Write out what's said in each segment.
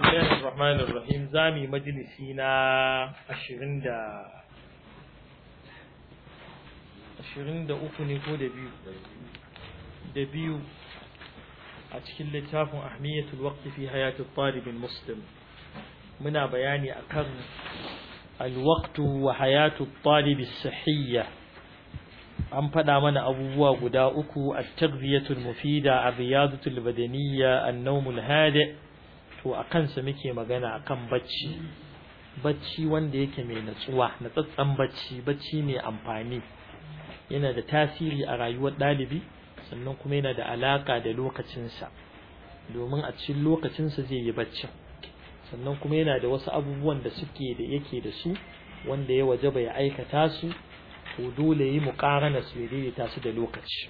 Bismillahir Rahmanir Rahim zami na 20 da 23 ne ko da biyu da a cikin littafin Ahmiyatul Waqt fi Hayatul Talib Muslim muna bayani akan al wa hayatul talib as an fada mana abubuwa guda uku at-taghdiyatul mufida ar-riyadatul badaniyya an-nawmul hadi' to a kansa muke magana kan bacci bacci wanda yake mai natsuwa natsatsan bacci bacci mai amfani yana da tasiri a rayuwar ɗalibi sannan kuma yana da alaka da lokacinsa domin a cikin lokacinsa zai yi bacci sannan kuma yana da wasu abubuwan da suke da yake da su wanda ya waje bai aikata su ko dole yi muqarana su daidaita su da lokaci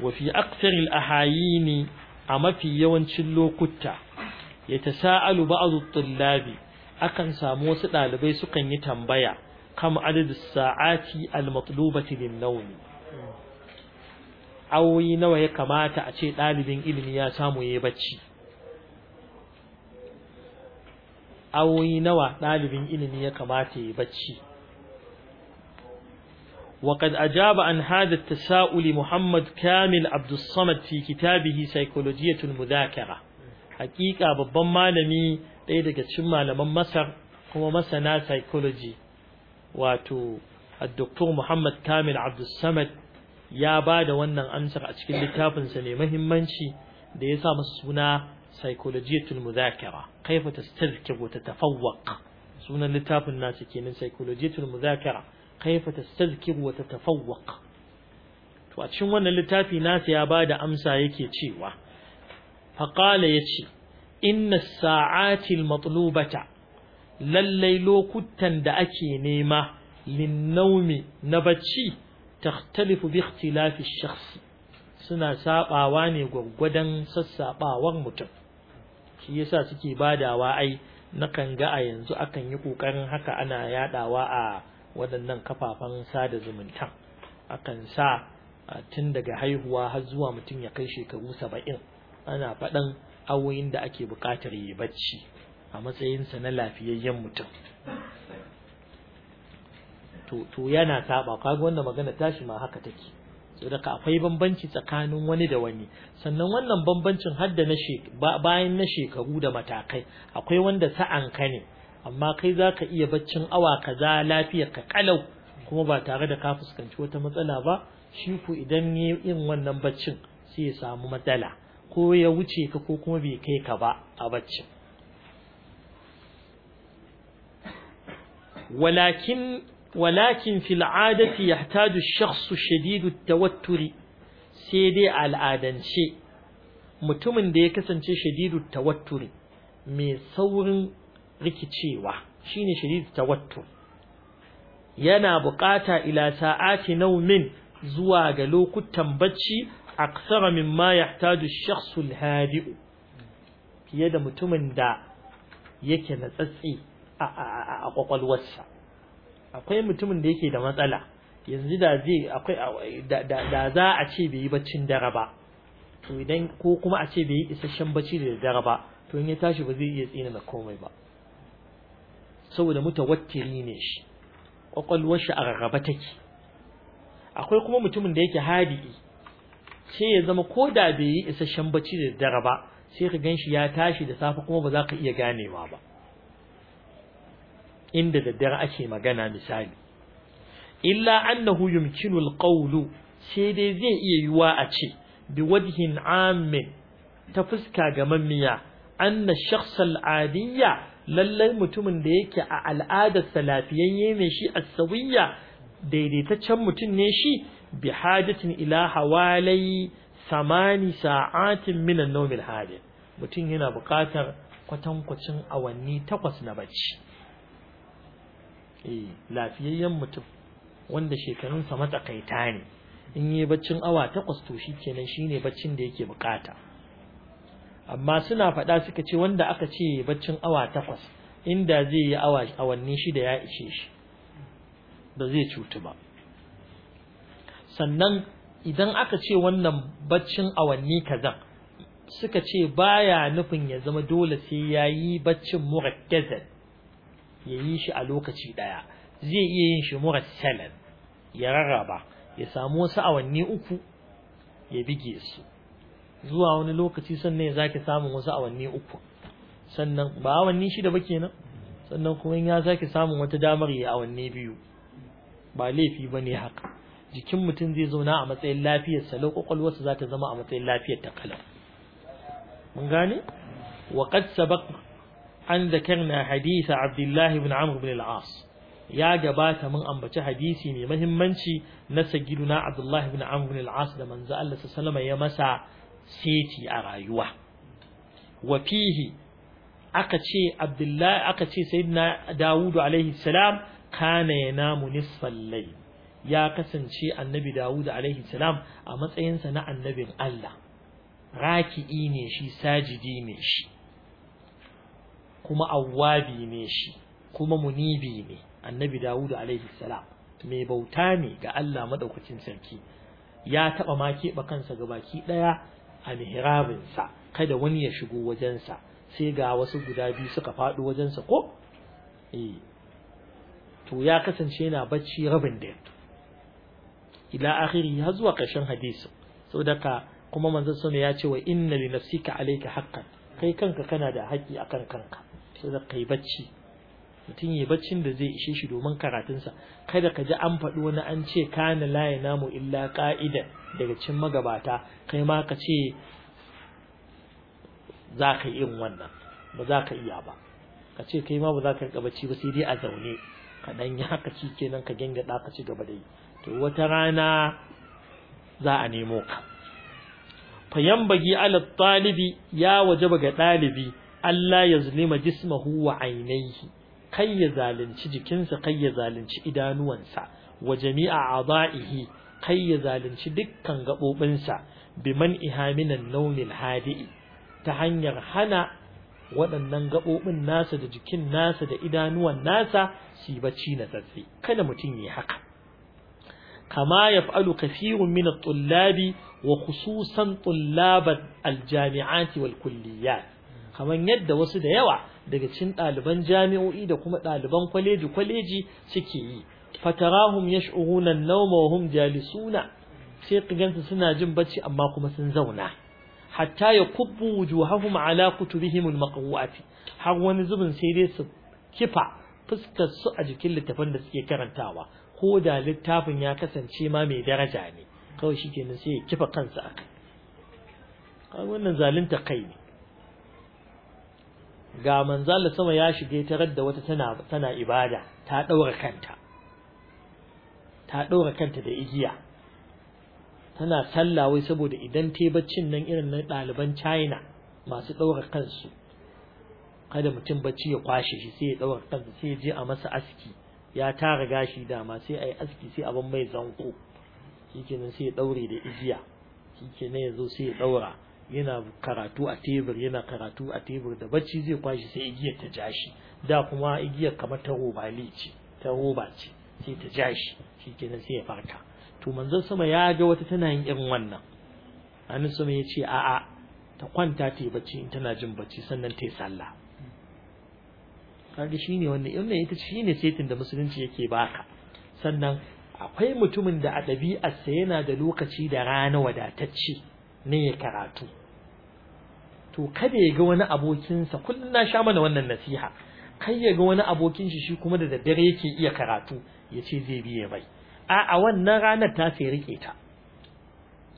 wa fi hayi ne a mafi yawancin lokuta yatasaalu ba'dhu at-tullabi akan samu wasu dalibai sukan yi tambaya kam adadu sa'ati al-matlubati lin-nawm awoyi nawa ya kamata a ce dalibin ilimi ya samu yayi bacci awoyi nawa dalibin ilimi ya kamata yayi bacci وقد أجاب عن هذا التساؤل محمد كامل عبد الصمد في كتابه سيكولوجية المذاكرة hakika babban malami ɗaya daga cikin malaman masar kuma masana psychology wato الدكتور Muhammad kamil Abdulsamad ya ba da wannan amsar a cikin littafinsa mai mahimmanci da ya sa masa suna psychologiyatul muzakara kaifa tastazkiru tatafawwaq sunan littafin nasa kenan psychologiyatul muzakara kaifa tastazkiru wa tatafawwaq to a cikin wannan littafi nasa ya ba da amsa yake cewa faƙala ya ce inna sa'atil matlubata lallai lokutan da ake nema linnaumi na bacci takhtalifu bi ikhtilafi shakhs suna saɓawa ne gwaggwadon sassaɓawar mutum shi yasa suke badawa ai nakan ga a yanzu akan yi ƙoƙarin haka ana yadawa a waɗannan kafafen sada zumunta akan sa tun daga haihuwa har zuwa mutum ya kai shekaru saba'in ana faɗan awoyin da ake buƙatar yi bacci a matsayinsa na lafiyayyen mutum to yana saba kaga wannan magana tashi ma haka take so daga akwai bambanci tsakanin wani da wani sannan wannan bambancin hadda na bayan na shekaru da matakai akwai wanda sa'an ka ne amma kai za ka iya baccin awa ka za lafiyar ka kalau kuma ba tare da ka fuskanci wata matsala ba shi ku idan yin wannan baccin sai ya samu matsala ko ya wuce ka ko kuma bai kai ka ba a bacci walakin walakin fil adati yahtaju shakhsu shadidu tawatturi sai dai al'adance mutumin da ya kasance shadidu tawatturi mai saurin rikicewa shine shadidu tawattur yana bukata ila sa'ati naumin zuwa ga lokutan bacci aksara mimma yahtaju shakhsu al-hadi'u fiye da mutumin da yake natsatsi a kwakwalwarsa akwai mutumin da yake da matsala yanzu da zai akwai da za a ce bai yi baccin dare ba to idan ko kuma a ce bai yi isasshen bacci da dare ba to in ya tashi ba zai iya tsina da komai ba saboda mutawattiri ne shi kwakwalwar shi a rarraba take akwai kuma mutumin da yake hadi'i sai ya zama ko da bai yi isasshen bacci da daddare ba sai ka ganshi ya tashi da safe kuma ba za ka iya ganewa ba inda daddare ake magana misali illa annahu yumkinu alqawlu sai dai zai iya yiwa a ce bi wajhin amin ta fuska ga mamiya anna shakhs al'adiyya lallai mutumin da yake a al'adar salafiyayye ne shi as daidaitaccen mutum ne shi bihajatin ila hawalai samani sa'atin minan nawmil hadi mutum yana buƙatar kwatankwacin awanni takwas na bacci eh lafiyayyen mutum wanda shekarunsa matsakaita ne in yi baccin awa takwas to shi kenan shine baccin da yake bukata amma suna faɗa suka ce wanda aka ce baccin awa takwas inda zai yi awanni shida ya ishe shi ba zai cutu ba sannan idan aka ce wannan baccin awanni kaza suka ce baya nufin ya zama dole sai ya yi baccin murakkazan yi shi a lokaci daya zai iya yin shi murakkalan ya rarraba ya samu wasu awanni uku ya bige su zuwa wani lokaci sannan ya zaki samun wasu awanni uku sannan ba awanni shida ba kenan sannan kuma ya zaki samun wata damar ya awanni biyu ba laifi ba ne haka jikin mutum zai zauna a matsayin lafiyar salo kwakwalwarsa za ta zama a matsayin lafiyar ta kalam mun gane wa qad sabaq an zakarna hadith Abdullah ibn Amr ibn al-As ya gabata mun ambaci hadisi mai muhimmanci na sagiduna Abdullah ibn Amr ibn al-As da manzo Allah sallallahu alaihi ya masa seti a rayuwa wa fihi aka ce Abdullah aka ce sayyidina Dawud alaihi salam kana yanamu nisfal layl ya kasance annabi Dawud alaihi salam a matsayinsa na annabin Allah raki'i ne shi sajidi ne shi kuma awwabi ne shi kuma munibi ne annabi Dawud alaihi salam mai bauta ne ga Allah madaukakin sarki ya taba ma ba kansa ga baki ɗaya a mihrabinsa kada wani ya shigo wajensa sai ga wasu guda biyu suka faɗo wajensa ko eh to ya kasance yana bacci rabin yato ila akhiri har zuwa ƙarshen hadisi saboda ka kuma manzon sama ya ce wa inna li nafsika alayka haqqan kai kanka kana da haƙi akan kanka saboda kai bacci mutum yi baccin da zai ishe shi domin karatunsa kada ka ji an faɗi wani an ce kana la yanamu illa qa'ida daga cikin magabata kai ma ka ce za ka yi wannan ba za ka iya ba ka ce kai ma ba za ka rika bacci ba sai dai a zaune ka dan yi haka kenan ka gengada ka ci gaba da yi to wata rana za a nemo ka fayambagi ala talibi ya wajaba ga dalibi Allah ya zulima jismahu wa ainihi kai ya zalunci jikinsa kai ya zalunci idanuwansa wa jami'a a'dha'ihi kai ya zalunci dukkan gabobinsa biman ihaminan naumil hadi'i ta hanyar hana waɗannan gaɓoɓin nasa da jikin nasa da idanuwan nasa su yi bacci na tsatsi kada mutum yi haka kama yaf'alu kathirun min at-tullabi wa kususan tullabat al-jami'ati wal kulliyat kaman yadda wasu da yawa daga cikin ɗaliban jami'o'i da kuma ɗaliban kwaleji kwaleji suke yi fatarahum yash'uruna an-nawma wa hum jalisuna sai kigansu suna jin bacci amma kuma sun zauna hatta ya yakubbu wujuhahum ala kutubihim al-maqwu'ati har wani zubin sai dai su kifa fuskar su a jikin littafin da suke karantawa ko da littafin ya kasance ma mai daraja ne kawai shi kenan sai ya kifa kansa a kai wannan zalunta kai ne ga manzala sama ya shige tarar da wata tana ibada ta daura kanta ta daura kanta da igiya tana sallah wai saboda idan te baccin nan irin na ɗaliban China masu daura kansu kada mutum bacci ya kwashe shi sai ya daura kansa sai ya je a masa aski ya tara gashi dama sai a aski sai abin mai zanko shikenan sai ya daure da igiya shikenan yanzu sai ya daura yana karatu a tebur yana karatu a tebur da bacci zai kwashi sai igiyar ta jashi da kuma igiyar kamar ta robali ce ta roba ce sai ta jashi shikenan sai ya farka to manzon sama ya ga wata tana yin irin wannan annabi sama ya ce a'a ta kwanta ta yi bacci in tana jin bacci sannan ta yi sallah kaga shine wannan wannan ita shine setin da musulunci yake baka sannan akwai mutumin da a sa yana da lokaci da rana wadatacce ne ya karatu to kada ya ga wani abokinsa kullun na sha mana wannan nasiha kai ya ga wani abokin shi shi kuma da daddare yake iya karatu ya ce zai biye bai a a wannan ranar ta sai rike ta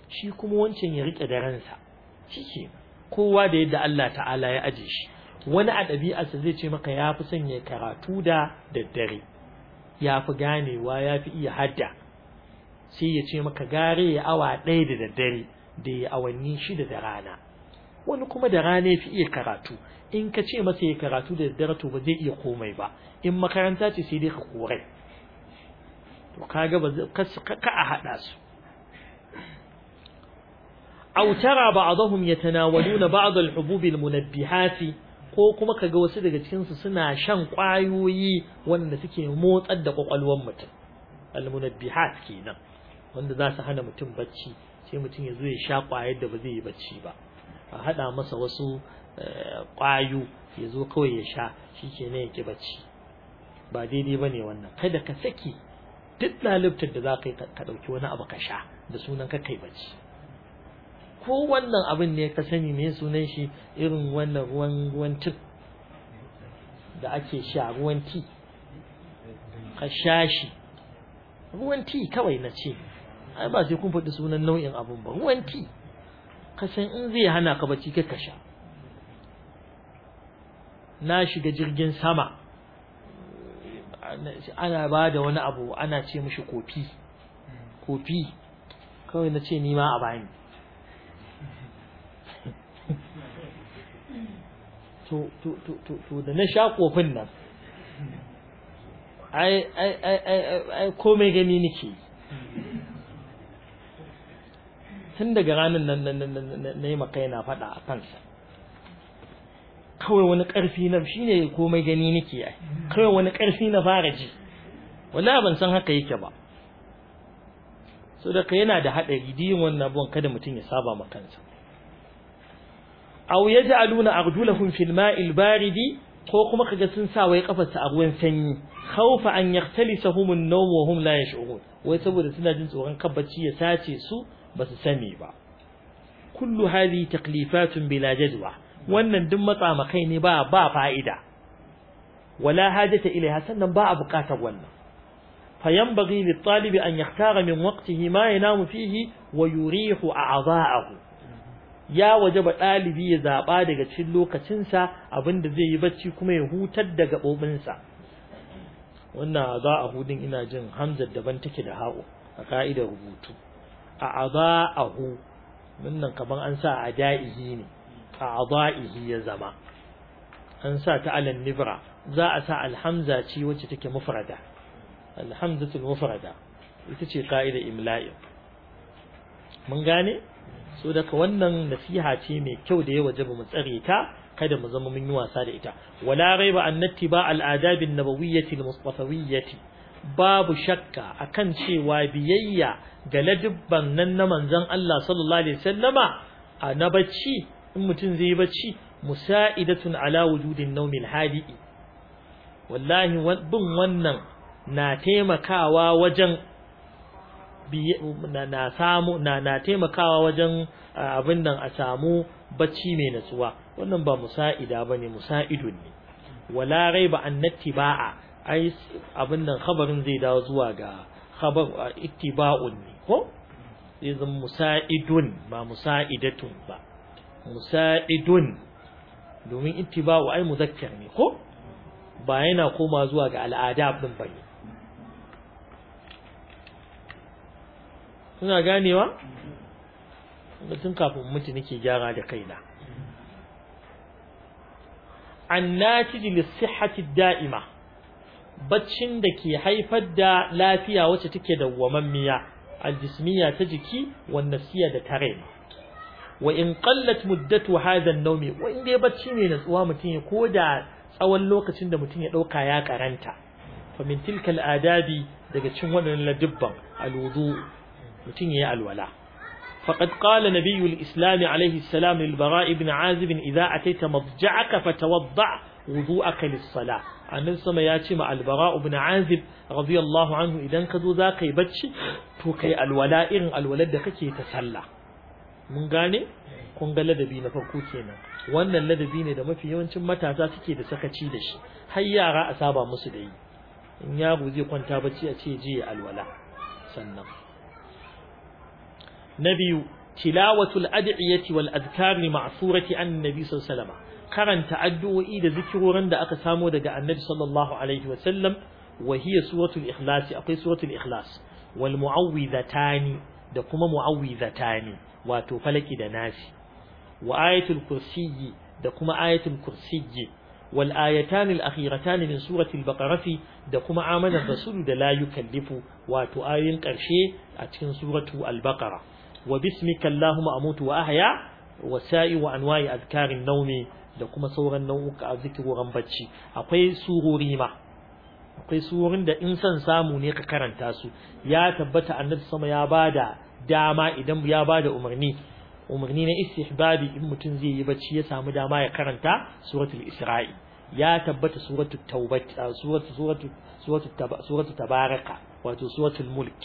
shi kuma wancan ya rike da ransa shi kowa da yadda Allah ta'ala ya aje shi wani a ɗabi'arsa zai ce maka ya fi son ya karatu da daddare ya fi ganewa ya fi iya hadda sai ya ce maka gare ya awa ɗaya da daddare da ya awanni shida da rana wani kuma da rana ya fi iya karatu in ka ce masa ya karatu da daddare to ba zai iya komai ba in makaranta ce sai dai ka korai to kaga ba ka a haɗa su أو ترى بعضهم يتناولون بعض الحبوب المنبهات ko kuma ka ga wasu daga cikinsu suna shan ƙwayoyi wanda suke motsar da ƙwaƙwalwar mutum almunabbihat kenan wanda za su hana mutum bacci sai mutum ya zo ya sha ƙwayar da ba zai yi bacci ba a haɗa masa wasu eh, ƙwayo ya zo kawai ya sha shi kenan ya ƙi bacci ba daidai ba ne wannan kada ka saki duk dalibtar da za ka yi ka ɗauki wani abu ka sha da sunan ka kai bacci ko wannan abin ne ka sani me sunan shi irin wannan ruwan ruwan tip da ake sha ruwan ti ka sha shi ruwan ti kawai na ce ai ba sai kun faɗi sunan nau'in abin ba ruwan ti ka san in zai hana ka bacci ka sha na shiga jirgin sama ana ba da wani abu ana ce mishi kofi kofi kawai na ce ni a bani to da na sha kofin nan ai komai gani nake tun daga ranar nan na yi makai na faɗa a kansa kawai wani ƙarfi na shi ne komai gani nake ai kawai wani ƙarfi na fara ji Wani ban san haka yake ba so da yana da haɗari diyin wannan abuwan kada mutum ya saba ma kansa aw yaj'aluna arjulahum hunfin ma'il baridi ko kuma kaga sun sa wai kafarsa a ruwan sanyi khawfa an yakhtalisuhum an-nawm wa hum la wai saboda suna jin tsoron kabbaci ya sace su basu sani ba kullu hadhihi taklifatun bila jadwa wannan duk matsamakai ne ba ba fa'ida wala hajata ilaiha sannan ba a buƙatar wannan fayanbaghi ni ɗalibi an yakhtara min waqtihi ma yanamu fihi wa yurihu a'dha'ahu ya wajaba ɗalibi ya zaɓa daga cikin lokacinsa abinda zai yi bacci kuma ya hutar da gaɓoɓinsa wannan za a hudin ina jin hamzar daban take da haɗu a ka'idar rubutu a a hu, wannan kamar an sa a da'ihi ne a izi ya zama an sa ta alan nibra za a sa alhamza ce wacce take mufrada alhamzatul mufrada ita ce ka'idar imla'in mun gane so daga wannan nasiha ce mai kyau da ya wajaba mu tsare ta kada mu zama mun yi wasa da ita wala raiba an nattiba al adab an nabawiyyati al mustafawiyyati babu shakka akan cewa biyayya ga ladubban nan na manzon Allah sallallahu alaihi wasallama a na bacci in mutum zai bacci musa'idatun ala wujudin nawmil hadi wallahi bin wannan na taimakawa wajen na samu na na taimakawa wajen abin nan a samu bacci mai natsuwa wannan ba musa'ida ba ne musa'idun ne wala rai ba raiba annattiba'a ai abin nan khabarin zai dawo zuwa ga khabar ittiba'un ne ko zai zama musa'idun ba musa'idatun ba musa'idun domin ittiba'u ai muzakkar ne ko ba yana koma zuwa ga al'ada din bane suna ganewa tun kafin mutu nake gyara da kaina annatij lisihhati da'ima baccin da ke haifar da lafiya wacce take dawwamammiya aljismiya ta jiki wa nafsiya da tare wa in qallat muddatu hadha an-nawmi wa in dai bacci ne natsuwa mutum ya koda tsawon lokacin da mutum ya dauka ya karanta fa min tilka adabi daga cikin wannan ladibban al-wudu mutum ya yi alwala faqad qala nabiyul islam alaihi salam lil bara ibn azib idza ataita madja'aka fatawadda wudu'aka lis-salah annan sama ya ce ma albara ibn azib radiyallahu anhu idan ka zo zaka yi bacci to kai alwala irin alwalar da kake ta sallah mun gane kun ga ladabi na farko kenan wannan ladabi ne da mafi yawancin matasa suke da sakaci da shi har yara a saba musu da yi in yaro zai kwanta bacci a ce je alwala sannan na biyu tilawatul ad'iyati wal adhkar li ma'surati annabi sallallahu alaihi wasallam karanta addu'o'i da zikirorin da aka samo daga annabi sallallahu Wahiya wasallam wa ikhlas akwai suratul ikhlas wal mu'awwidhatani da kuma mu'awwidhatani wato Falaƙi da nasi wa ayatul kursiyyi da kuma ayatul kursiyyi wal ayatani al akhiratani min surati al da kuma amana rasul da la yukallifu wato ayoyin karshe a cikin suratu al baqara wa bismika Allahumma amutu wa ahya wa sa'i wa anwa'i azkarin naumi da kuma sauran nau'uka zikirorin bacci akwai surori ma akwai surorin da in son samu ne ka karanta su ya tabbata annabi sama ya bada dama idan ya bada umarni umarni na istihbabi in mutum zai yi bacci ya samu dama ya karanta suratul isra'i ya tabbata suratul taubat suratul suratul suratul tabaraka wato suratul mulk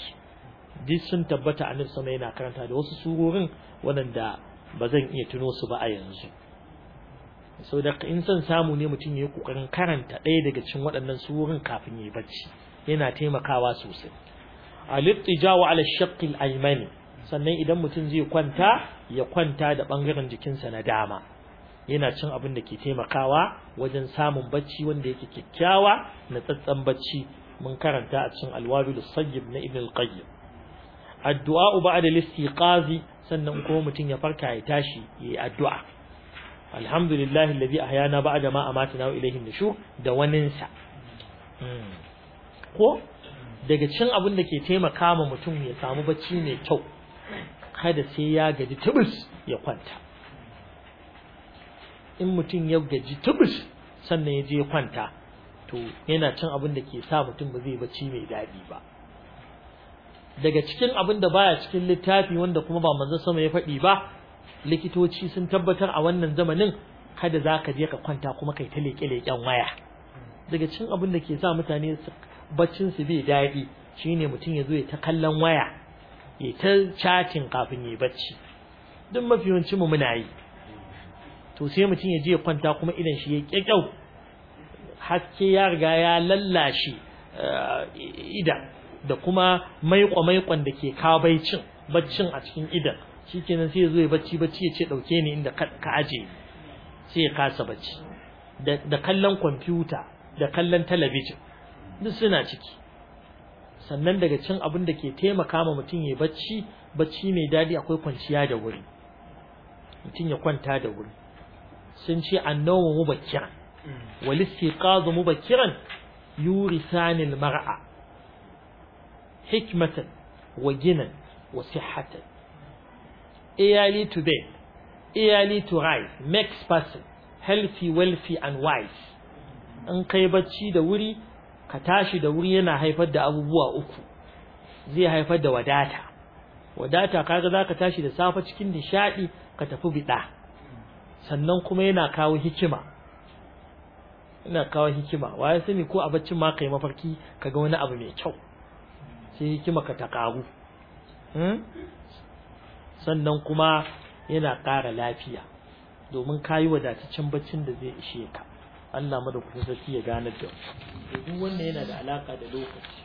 duk sun tabbata annabi sama yana karanta da wasu surorin waɗanda ba zan iya tuno su ba a yanzu sau da in son samu ne mutum ya kokarin karanta ɗaya daga cikin waɗannan surorin kafin ya yi bacci yana taimakawa sosai al-ittija'u ala shaqqi aimani sannan idan mutum zai kwanta ya kwanta da bangaren jikinsa na dama yana cin abin da ke taimakawa wajen samun bacci wanda yake kyakkyawa na tsatsan bacci mun karanta a cikin al da sayyib na ibn al-qayyim addu'a ba'da listiqazi sannan kuma mutum ya farka ya tashi yayi addu'a Alhamdulillahi alladhi ahyana ba'da ma amatana wa ilayhi nushur da waninsa hmm. ko daga cikin abin da ke taimaka ma mutum ya samu bacci mai kyau kada sai ya gaji tubus ya kwanta in mutum ya gaji tubus sannan ya je kwanta to yana cin abin da ke sa mutum ba zai bacci mai dadi ba daga cikin abin da baya cikin littafi wanda kuma ba manzon sama ya faɗi ba likitoci sun tabbatar a wannan zamanin kada za ka je ka kwanta kuma kai ta leƙe-leƙen waya daga cikin abin da ke sa mutane baccin su bai daɗi shine mutum ya zo ya ta kallon waya ya ta chatting kafin ya bacci duk mafi mu muna yi to sai mutum ya je ya kwanta kuma idan shi ya kyakkyau haske ya riga ya lallashi eh, idan da kuma maiƙwa maiƙon da ke kabaicin baccin a cikin idan nan sai zuwa bacci bacci ya ce ɗauke ni inda ka aje sai ya kasa bacci da kallon kwamfuta da kallon talabijin duk suna ciki sannan daga cin abin da ke taimaka ma mutum ya bacci bacci mai daɗi akwai kwanciya da wuri mutum ya kwanta da wuri sun ce annawa mubakiran mu mm. istiqaz mubakiran Sanin, mar'a hikmatan wa gina wa sihhatan Iyali to bed early to rise makes person healthy wealthy and wise in kai bacci da wuri ka tashi da wuri yana haifar da abubuwa uku zai haifar da wadata wadata kaga zaka tashi da safe cikin nishadi ka tafi bida sannan kuma yana kawo hikima ina kawo hikima waye sani ko a baccin ma kai mafarki kaga wani abu mai kyau sai hikima ka ta ƙaru hmm? sannan kuma yana ƙara lafiya domin ka yi wadataccen baccin da zai ishe ka Allah madaukakin sarki ya ganar da duk wanda yana da alaka da lokaci